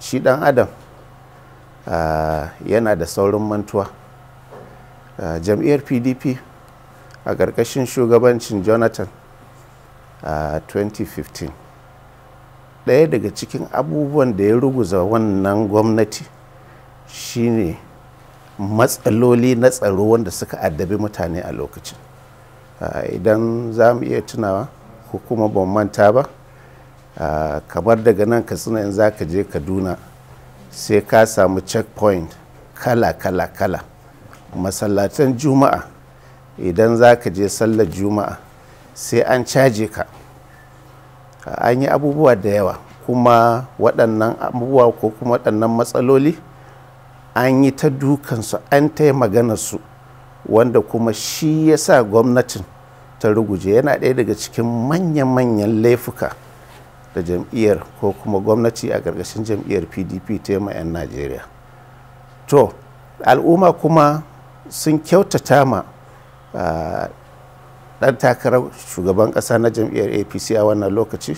shi dan adam yana da saurin mantuwa jam'iyyar pdp a ƙarƙashin shugabancin jonathan a 2015 ɗaya daga cikin abubuwan da ya ruguza wannan gwamnati shine matsaloli na tsaro wanda suka addabi mutane a lokacin idan za mu iya tunawa ko kuma ban manta ba Ah, kamar daga nan katsina in za ka je kaduna sai ka samu checkpoint kala-kala-kala masallatan juma'a idan za ka je sallar juma'a sai an caje ka ah, an yi abubuwa da yawa kuma waɗannan abubuwa ko kuma waɗannan matsaloli an yi ta dukansu an ta yi su wanda kuma shi ya sa gwamnatin ta ruguje yana ɗaya daga cikin manya-manyan laifuka da jam'iyyar ko kuma gwamnati a ƙarƙashin jam'iyyar pdp ta yi 'yan najeriya to al'umma kuma sun kyautata ma ɗan takarar shugaban ƙasa na jam'iyyar apc a wannan lokaci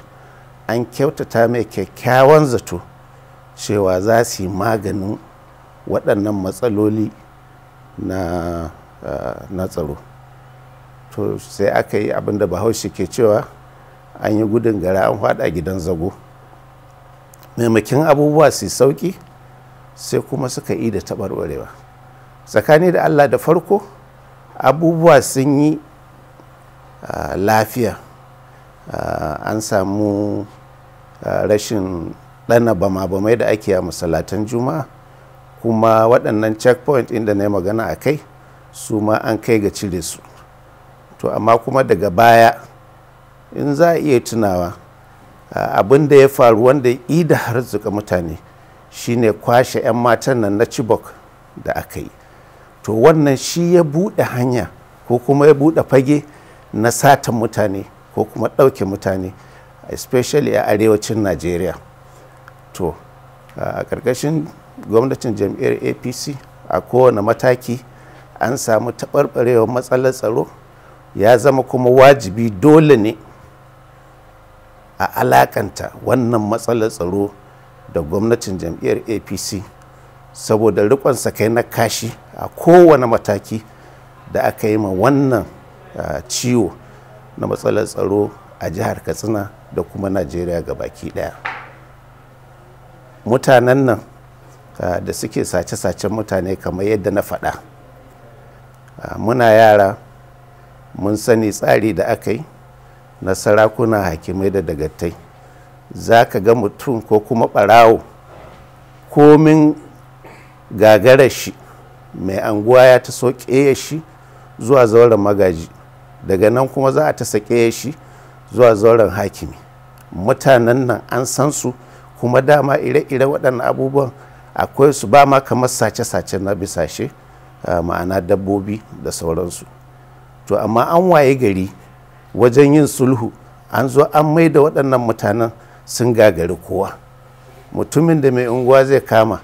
an kyautata mai kyakkyawan zato cewa za su yi maganin waɗannan matsaloli na tsaro to sai aka yi abinda bahaushe ke cewa an yi gudun gara an fada gidan zago maimakin abubuwa su sauki sai kuma suka yi da taɓarɓarewa tsakani da allah da farko abubuwa sun yi lafiya an samu rashin ɗana bama-bamai da ake a masalatan juma'a kuma waɗannan checkpoint inda na yi magana a kai su ma an kai ga cire su to amma kuma daga baya in za a iya tunawa abin da ya faru wanda ida harzuka mutane shine kwashe 'yan matan nan na chibok da aka yi to wannan shi ya buɗe hanya ko kuma ya buɗe fage na satan mutane ko kuma ɗauke mutane especially a arewacin najeriya to a ƙarƙashin gwamnatin jam'iyyar apc a kowane mataki an samu taɓarɓarewar matsalar tsaro ya zama kuma wajibi dole ne a alakanta wannan matsalar tsaro da gwamnatin jam'iyyar apc saboda rikon sakai na kashi a kowane mataki da aka yi ma wannan ciwo na matsalar tsaro a jihar katsina da kuma najeriya ga baki daya mutanen nan da suke sace-sacen mutane kamar yadda na faɗa muna yara mun sani tsari da aka yi na sarakuna hakimai da dagatai za ka ga mutum ko kuma ɓarawo komin gagarar shi mai anguwa ya ta ya shi zuwa zauren magaji daga nan kuma za a ta sake shi zuwa zauren hakimi mutanen nan an san su kuma dama ire-ire waɗannan abubuwan akwai su ba ma kamar sace-sace na bisashe ah, ma'ana dabbobi da sauransu to amma an waye gari wajen yin sulhu an zo an mai da waɗannan mutanen sun gagari kowa mutumin da mai unguwa zai kama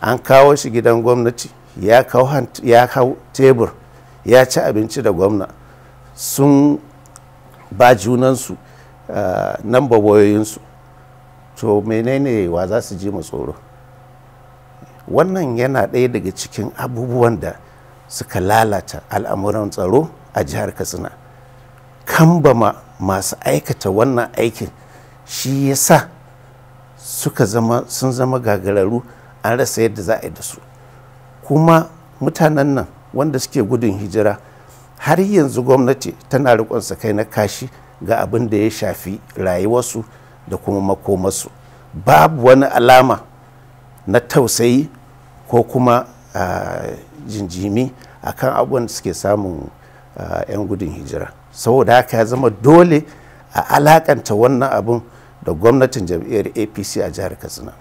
an kawo shi gidan gwamnati ya kawo tebur ya ci abinci da gwamna sun ba junansu eh, nan wayoyinsu to menene wa za su ji mu tsoro wannan yana ɗaya daga cikin abubuwan da suka lalata al'amuran tsaro a jihar katsina kambama masu aikata wannan aikin shi ya sa suka zama sun zama gagararru an rasa yadda za a yi da su kuma mutanen nan wanda suke gudun hijira har yanzu gwamnati tana riƙonsa kai na kashi ga abin da ya shafi rayuwarsu da kuma makomarsu babu wani alama na tausayi ko kuma ah, jinjimi akan abubuwan da suke samun 'yan gudun hijira saboda haka ya zama dole a alakanta wannan abun da gwamnatin jam'iyyar apc a jihar katsina